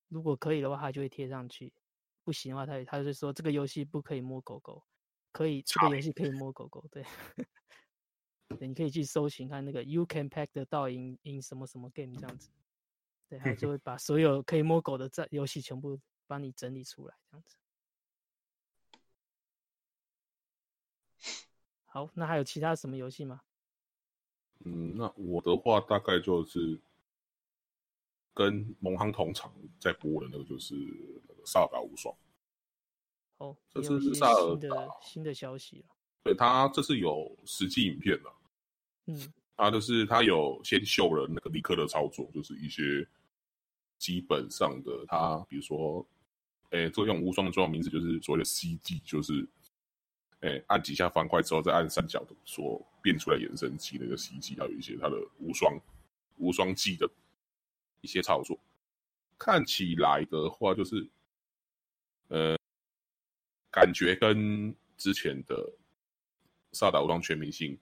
如果可以的話，他就會貼上去；不行的話，他他就會說這個遊戲不可以摸狗狗，可以這個遊戲可以摸狗狗。對， <laughs> 對，你可以去搜尋看那個 “You can pack” the dog in in 什麼什麼 game 這樣子，對，他就會把所有可以摸狗的戰遊戲全部。幫你整理出來這樣子。好，那還有其他什麼遊戲嗎？嗯，那我的話大概就是跟蒙航同場在播的那個就是那個薩爾達無雙。哦，這是薩爾達新的，新的消息了。對，他這是有實際影片了。嗯，他就是他有先秀了那個林克的操作，就是一些基本上的他，比如說。誒，作用、欸、無雙的主要名字就是所謂的 CG，就是誒、欸、按幾下方塊之後再按三角的所變出來延伸技的那個 CG 還有一些它的無雙、無雙技的一些操作。看起來的話，就是呃，感覺跟之前的《薩達無雙全明星》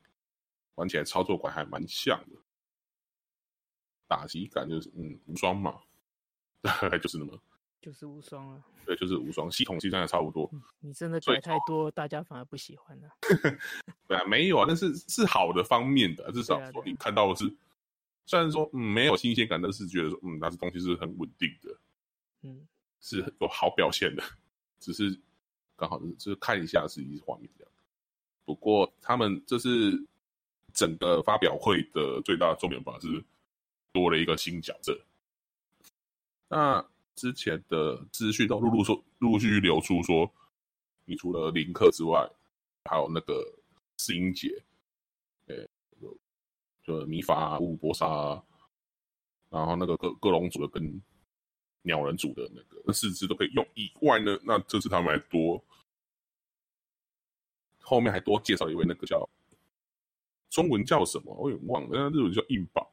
玩起來操作感還蠻像的，打擊感就是嗯無雙嘛，大概就是那麼。就是無雙了，對，就是無雙。系統計算也差不多。嗯、你真的改太多，對大家反而不喜歡了、啊。 <laughs> 對啊，沒有啊，對但是是好的方面的、啊，至少說你看到的是，啊啊啊、雖然說、嗯、沒有新鮮感，但是覺得說嗯，那這東西是很穩定的，嗯，是有好表現的。只是剛好就是看一下自己的畫面這樣。不過他們這是整個發表會的最大的重點吧，是多了一個新角色。那。之前的資訊都陸陸續陸續流出說，說你除了林克之外，還有那個四英傑，誒，就米法、啊、烏，烏波沙、啊，然後那個各各龍族的跟鳥人族的那個那四隻都可以用以外呢，那這次他們還多後面還多介紹一位那個叫中文叫什麼，我也忘了，那日文叫硬棒，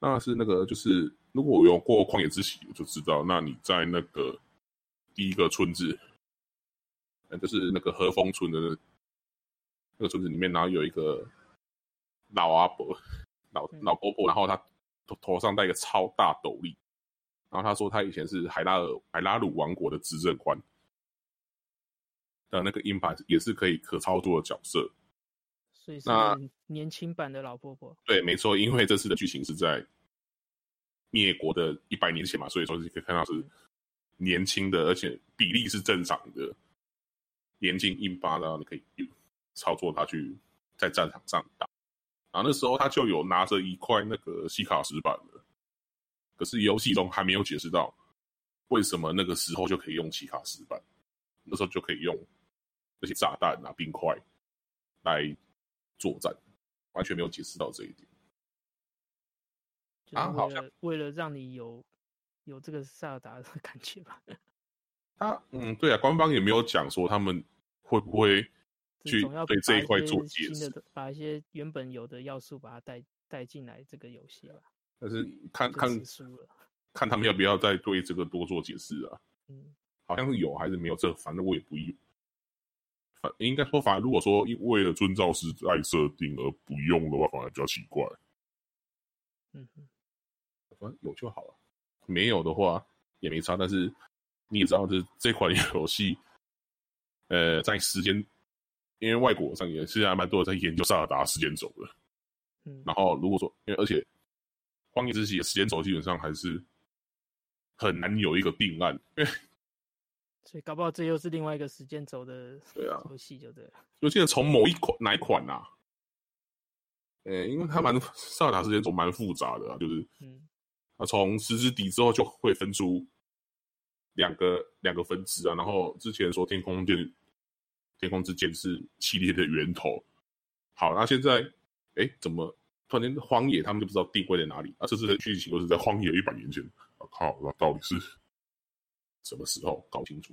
那是那個就是。如果我有過《曠野之息》，我就知道，那你在那個第一個村子，就是那個和風村的，那個村子裡面，然後有一個老阿伯、老老婆婆，然後他頭頭上戴一個超大斗笠，然後他說他以前是海拉爾海拉魯王國的執政官，的那，那個硬盤也是可以可操作的角色，所以是年輕版的老婆婆。對，沒錯，因為這次的劇情是在。滅國的一百年前嘛，所以說你可以看到是年輕的，而且比例是正常的年輕英帕，然後你可以操作他去在戰場上打。然後那時候他就有拿着一塊那個希卡石板了，可是遊戲中還沒有解釋到為什麼那個時候就可以用希卡石板，那時候就可以用那些炸彈啊、冰塊來作戰，完全沒有解釋到這一點。然後，為了,啊、為了讓你有有這個塞爾達的感覺吧。他、啊、嗯，對啊，官方也沒有講說他們會不會去對這一塊做解釋把，把一些原本有的要素把它帶帶進來這個遊戲吧。但是看、嗯就是、看看他們要不要再對這個多做解釋啊？嗯，好像是有還是沒有？這反正我也不用，反應該說，法，如果說因為了遵照是在設定而不用的話，反而比較奇怪。嗯有就好了，啊，沒有的話也沒差。但是你也知道，這這款遊戲，呃，在時間，因為外國上也是實還蠻多的在研究薩爾達時間軸的。嗯，然後如果說，因為而且荒野之息的時間軸基本上還是很難有一個定案，所以搞不好這又是另外一個時間軸的遊戲就對了，啊。就現在從某一款，嗯，哪一款啊？呃，欸，因為它蠻，嗯，薩爾達時間軸蠻複雜的啊，就是嗯。那從時之笛之後就會分出兩個兩個分支啊。然後之前說天空就天空之間是系列的源頭。好，那現在哎，怎麼突然間荒野他們就不知道定位在哪裡啊？這次的劇情都是在荒野一百年前。啊靠，那到底是什麼時候？搞清楚。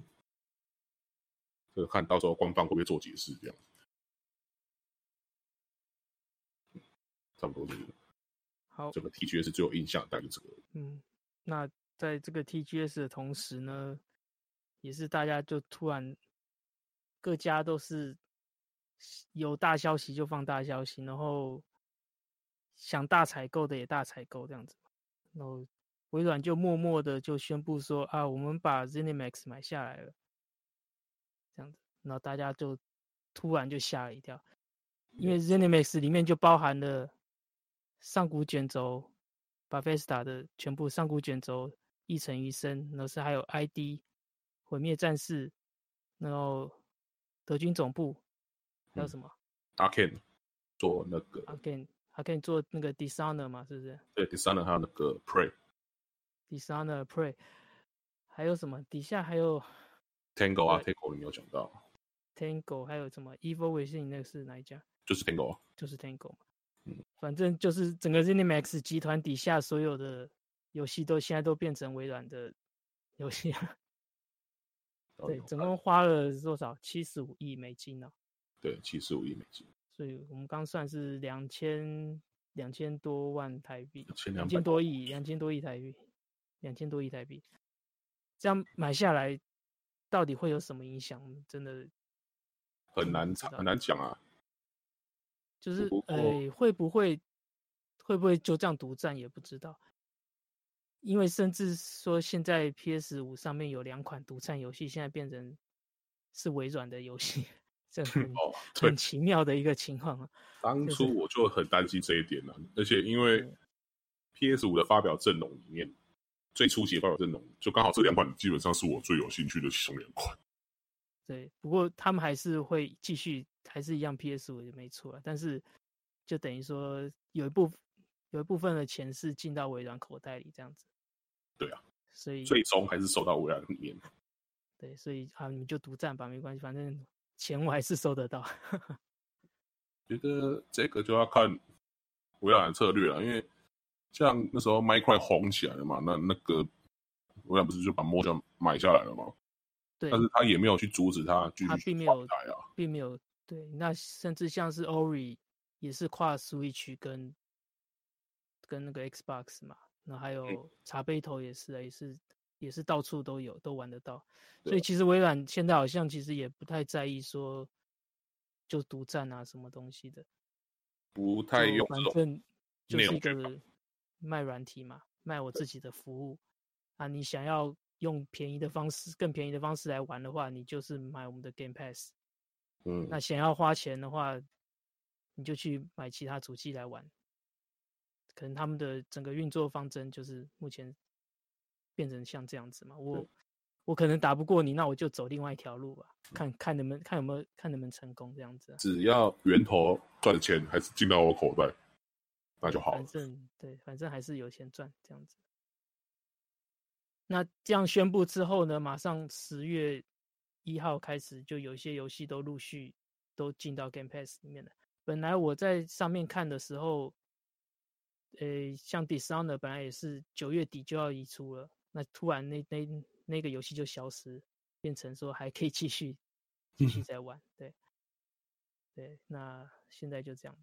這個看到時候官方會不會做解釋？這樣差不多了。好這個 TGS 是最有印象，但是這個，嗯，那在這個 TGS 的同時呢，也是大家就突然各家都是有大消息就放大消息，然後想大採購的也大採購這樣子，然後微軟就默默的就宣布說啊，我們把 Zenimax 買下來了，這樣子，然後大家就突然就嚇了一跳，因為 Zenimax 裡面就包含了。上古卷軸巴菲斯塔的全部上古卷軸、異塵餘生然後是還有 id 毀滅戰士，然後德軍總部，還有什麼阿肯、嗯、做那個阿肯，阿肯做那個 dishonor 嘛，是不是？對，dishonor 還有那個 pray，dishonor pray 還有什麼，底下還有 tango 啊對 tango 你有講到 tango 還有什麼 Evil Within，那個是哪一家？就是 tango 啊，就是 tango 反正就是整個 Zenimax 集團底下所有的遊戲都現在都變成微軟的遊戲了。對，總共花了多少？七十五億美金呢？對，七十五億美金。所以我們剛算是兩千兩千多萬台幣，兩千多億，兩千多億台幣，兩千多億台幣。這樣買下來，到底會有什麼影響？真的很難很難講啊。就是誒，會不會，會不會就這樣獨佔也不知道，因為甚至說現在 PS 五，上面有兩款獨佔遊戲，現在變成是微軟的遊戲，這很很奇妙的一個情況啊。哦就是、當初我就很擔心這一點呢，而且因為 PS 五的發表陣容裡面最初期發表陣容，就剛好這兩款基本上是我最有興趣的其中兩款。對，不過他們還是會繼續，還是一樣 PS 5也沒出來。但是，就等於說有一部有一部分的錢是進到微軟口袋裡，這樣子。對啊，所以最終還是收到微軟裡面。對，所以好，啊，你就獨佔吧，沒關係，反正錢我還是收得到。 <laughs> 覺得這個就要看微軟的策略了，因為像那時候麥塊紅起來了嘛，那那個微軟不是就把 Mojang 買下來了嗎？對，但是他也沒有去阻止他去、啊，他並沒有並沒有對。那甚至像是 Ori 也是跨 Switch 跟跟那個 Xbox 嘛，那還有茶杯頭也是，嗯、也是也是到處都有都玩得到。對所以其實微軟現在好像其實也不太在意說就獨占啊什麼東西的，不太用，反正就是一個賣軟體嘛，賣我自己的服務，的服務啊，你想要。用便宜的方式，更便宜的方式來玩的話，你就是買我們的 Game Pass。嗯，那想要花錢的話，你就去買其他主機來玩。可能他們的整個運作方針就是目前變成像這樣子嘛。我、嗯、我可能打不過你，那我就走另外一條路吧。嗯、看看能不能，看有沒有看能不能成功這樣子、啊。只要源頭賺錢還是進到我口袋，那就好。反正對，反正還是有錢賺這樣子。那這樣宣布之後呢，馬上十月一號開始，就有一些遊戲都陸續都進到 Game Pass 裡面了。本來我在上面看的時候，呃，像 Dishonored 本來也是九月底就要移出了，那突然那那那個遊戲就消失，變成說還可以繼續繼續再玩。對，對，那現在就這樣的，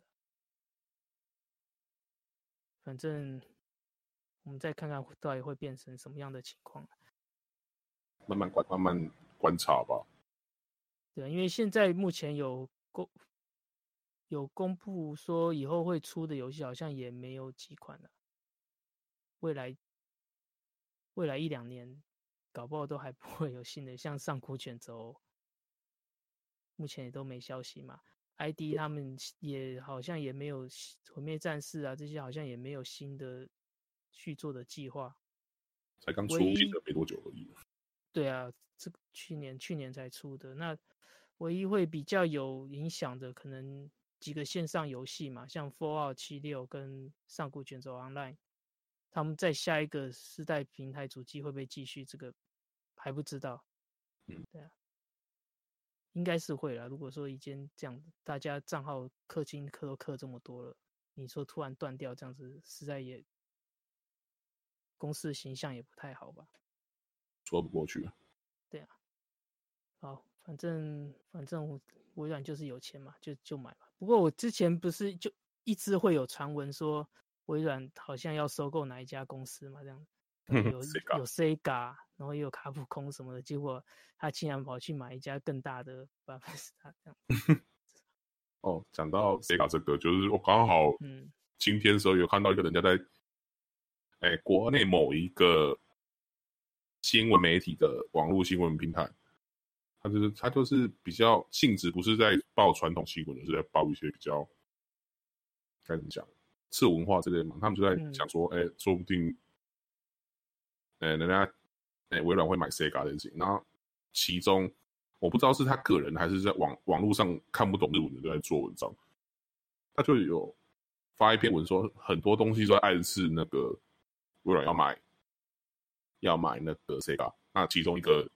反正。我們再看看到底會變成什麼樣的情況。慢慢觀慢慢觀察吧。對，因為現在目前有公有公布說以後會出的遊戲，好像也沒有幾款了。未來未來一兩年，搞不好都還不會有新的，像上古卷軸，目前也都沒消息嘛。ID 他們也好像也沒有毀滅戰士啊，這些好像也沒有新的。去做的計劃，才剛出一沒多久而已。對啊，這去年去年才出的。那唯一會比較有影響的，可能幾個線上遊戲嘛，像 Four 二七六跟上古卷軸 Online，他們在下一個時代平台主機會不會繼續這個，還不知道。嗯，對啊，應該是會啦。如果說一間這樣大家賬號氪金氪都氪這麼多了，你說突然斷掉這樣子，實在也。公司形象也不太好吧，說不過去。對啊，好，反正反正微軟就是有錢嘛，就就買嘛。不過我之前不是就一直會有傳聞說微軟好像要收購哪一家公司嘛，這樣有、嗯、有 Sega，ガ然後也有卡普空什麼的，結果他竟然跑去買一家更大的，Bethesda 這樣。 <laughs> 哦，講到 Sega 這個，就是我剛好嗯，今天的時候有看到一個人家在。嗯哎、欸，國內某一個新聞媒體的網絡新聞平台，他就是他就是比較性質，不是在報傳統新聞，就是在報一些比較該怎麼講，次文化之類嘛。他們就在講說，哎、嗯欸，說不定，呃、欸，人家，哎、欸，微軟會買 Sega 的事情。然後，其中我不知道是他個人還是在網網絡上看不懂日文的，就在做文章。他就有發一篇文說，很多東西都在暗示那個。不然要買，要買那個 Sega，那其中一個一個,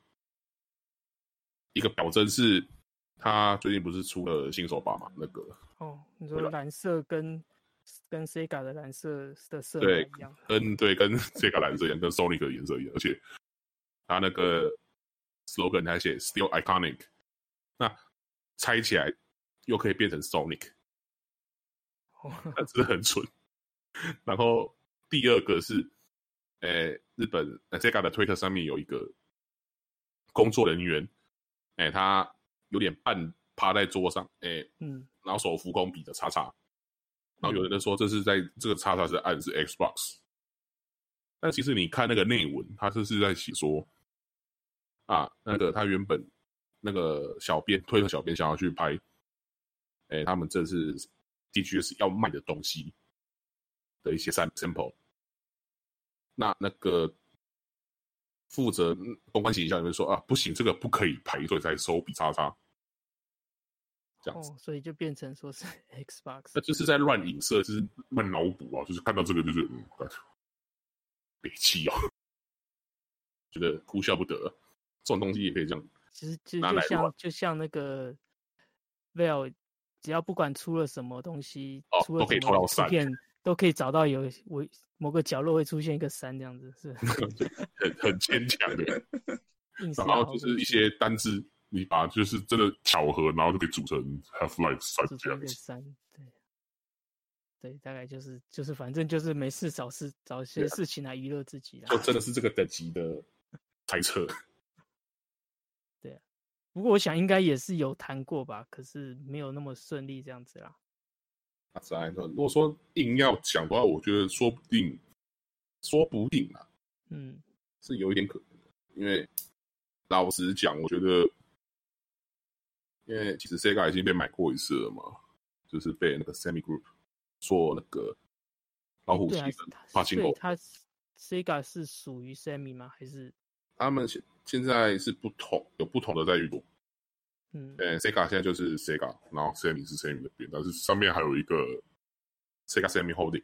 一個表徵是，他最近不是出了新手把嘛？那個哦，你說藍色跟軟跟,跟 Sega 的藍色的色一樣？嗯，對，跟 Sega 藍色一樣， <laughs> 跟 Sonic 的顏色一樣，而且他那個 slogan 還寫 “Still iconic”，那拆起來又可以變成 Sonic，他、哦、真的很蠢。 <laughs> 然後第二個是。誒、欸，日本 SEGA、欸、的推特上面有一個工作人員，誒、欸，他有點半趴在桌上，誒、欸，嗯，然後手扶工筆的叉叉，然後有人就說這是在這個叉叉是暗示 Xbox，但其實你看那個內文，他這是在寫說，啊，那個他原本那個小編推特小編想要去拍，誒、欸，他們這是 DGS 要賣的東西的一些 sample。那那個負責公關形象，裡面說啊，不行，這個不可以排隊再收比叉叉，這樣子，哦、所以就變成說是 Xbox，那就是在亂影射，就是亂腦補啊，就是看到這個就是嗯，憋氣啊，覺得哭笑不得，這種東西也可以這樣，其實就就像就像那個 Valve 只要不管出了什麼東西，哦，出了什麼都可以拖到三。都可以找到有，我某個角落會出現一個山這樣子是，是， <laughs> 很很牽強的。 <laughs> 然後就是一些單字，你把它就是真的巧合，然後就可以組成 Half-Life 成三這樣子。對，對，大概就是就是反正就是沒事找事找些事情來娛樂自己啦。啊、就真的是這個等級的猜測。 <laughs> 對，啊對啊，不過我想應該也是有談過吧，可是沒有那麼順利這樣子啦。啊，是如果說硬要講的話，我覺得說不定，說不定啦。嗯，是有一點可能的。因為老實講，我覺得，因為其實 SEGA 已經被買過一次了嘛，就是被那個 SEMI GROUP 做那個老虎機發行。對啊，它 SEGA 是屬於 SEMI 嗎？還是他們現現在是不同，有不同的在運作？嗯，嗯，Sega 現在就是 Sega，然後 Sammy 是 Sammy 那邊，但是上面還有一個 Sega Sammy Holding。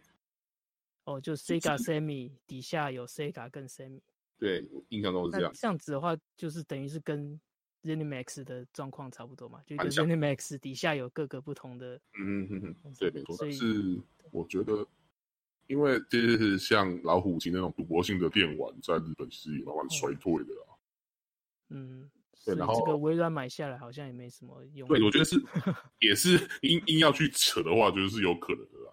哦，就 Sega Sammy 底下有 Sega 跟 Sammy。對，我印象中是這樣。這樣子的話，就是等於是跟 ZeniMax 的狀況差不多嘛， <laughs> 就是 ZeniMax 底下有各個不同的。嗯嗯嗯，對，沒錯。所以，是我覺得，因為就是像老虎機那種賭博性的電玩，在日本其實也慢慢衰退的啦、啊。嗯。然後這個微軟買下來好像也沒什麼用。對，我覺得是， <laughs> 也是硬硬要去扯的話，就是有可能的啦、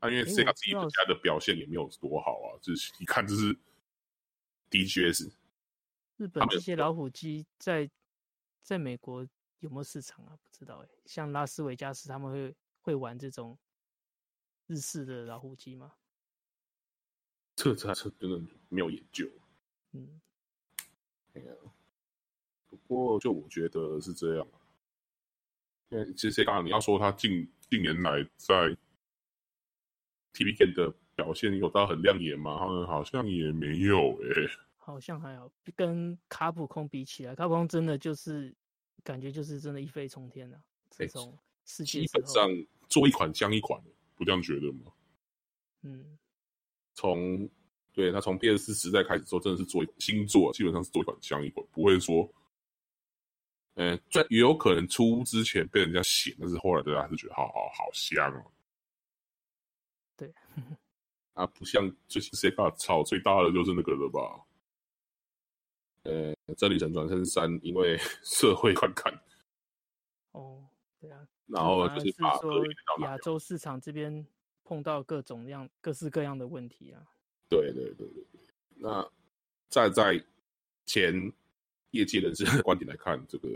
啊。啊，因為它、欸、自己家的表現也沒有多好啊，是就你看這是一看就是 DGS。日本這些老虎機在在美國有沒有市場啊？不知道哎、欸，像拉斯維加斯他們會會玩這種日式的老虎機嗎？測測測，真的沒有研究。嗯，不過，就我覺得是這樣。嗯，其實剛剛你要說他近近年來在 TV Game 的表現有到很亮眼嗎？好像好像也沒有誒、欸。好像還好，跟卡普空比起來，卡普空真的就是感覺就是真的一飛沖天了、啊。事情、欸，基本上做一款像一款，不這樣覺得嗎？嗯，從對他從 P S 時代開始做，真的是做新作基本上是做一款像一款，不會說。呃，最也有可能出屋之前被人家洗，但是後來大家是覺得好好好香哦、啊。對，啊，不像最近誰把炒最大的就是那個了吧？呃，這裡成轉身三，因為社會觀看。哦，對啊。然後就是、嗯、是說亞洲市場這邊碰到各種樣、各式各樣的問題啊。對，對對對對，那再在，在前。業界人士的觀點來看，這個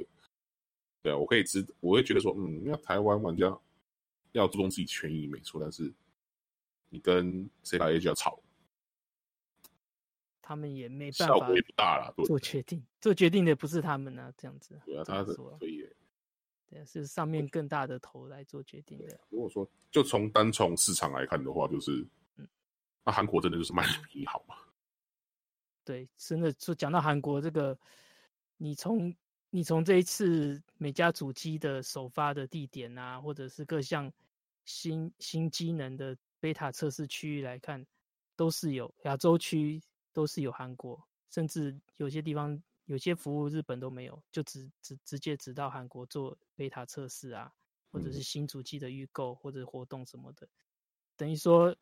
對啊，我可以知，我會覺得說，嗯，那台灣玩家要注重自己權益沒錯，但是你跟誰打？就要吵，他們也沒辦法，也不大了，做決定做決定，做決定的不是他們啊，這樣子對啊，他是可以，麼對，耶，對，是上面更大的頭來做決定的。如果說就從單從市場來看的話，就是嗯，那韓國真的就是賣皮好嗎？對，真的說講到韓國這個。你從你從這一次每家主機的首發的地點啊，或者是各項新新機能的貝塔測試區域來看，都是有亞洲區，都是有韓國，甚至有些地方有些服務日本都沒有，就直直直接只到韓國做貝塔測試啊，或者是新主機的預購或者活動什麼的，等於說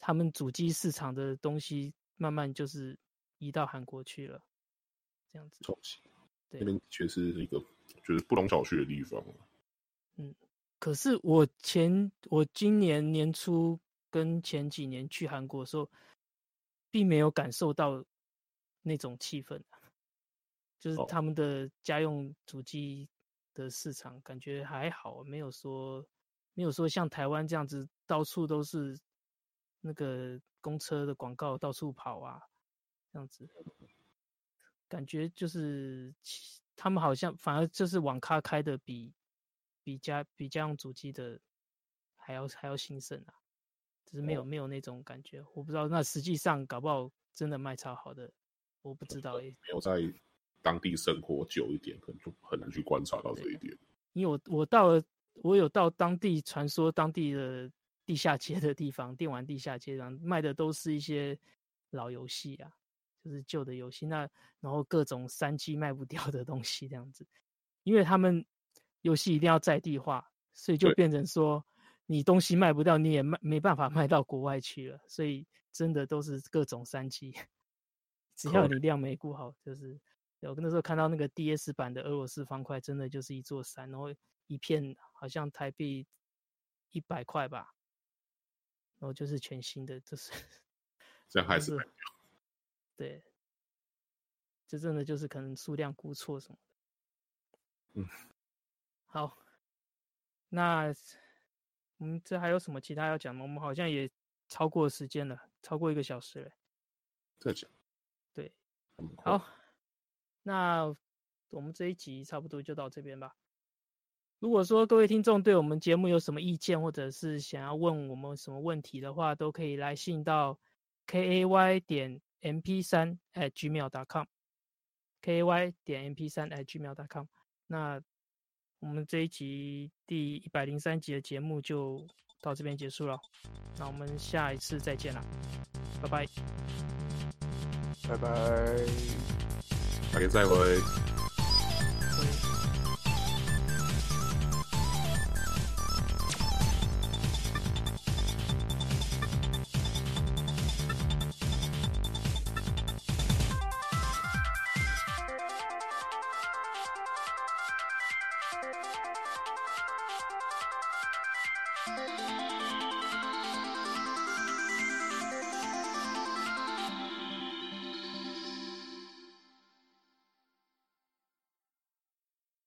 他們主機市場的東西慢慢就是移到韓國去了。這樣子，對，那邊確實是一個就是不容小覷的地方。嗯，可是我前我今年年初跟前幾年去韓國的時候，並沒有感受到那種氣氛，就是他們的家用主機的市場感覺還好，沒有說沒有說像台灣這樣子到處都是那個公車的廣告到處跑啊，這樣子。感覺就是他們好像反而就是網咖開的比比家比家用主機的，還要還要興盛啊，只是沒有、哦、沒有那種感覺，我不知道。那實際上搞不好真的賣超好的，我不知道誒、欸。沒有在當地生活久一點，可能就很難去觀察到這一點。因為我我到了我有到當地傳說當地的地下街的地方，電玩地下街上賣的都是一些老遊戲啊。就是舊的遊戲，那然後各種三 g 賣不掉的東西這樣子，因為他們遊戲一定要在地化，所以就變成說你東西賣不掉，對你也賣沒辦法賣到國外去了。所以真的都是各種三 g 只要你量沒估好，以就是我那時候看到那個 DS 版的俄羅斯方塊，真的就是一座山，然後一片好像台幣一百塊吧，然後就是全新的，就是這樣還是。對，這真的就是可能數量估錯什麼的。嗯，好，那，嗯，這還有什麼其他要講嗎？我們好像也超過時間了，超過一個小時了。再講。對，對嗯、好，好，那我們這一集差不多就到這邊吧。如果說各位聽眾對我們節目有什麼意見，或者是想要問我們什麼問題的話，都可以來信到 kay 點。Com, mp 三 @gmail.com，ky 點 mp 三 @gmail.com。那我們這一集第一百零三集的節目就到這邊結束了，那我們下一次再見了，拜拜，拜拜，拜拜。再會。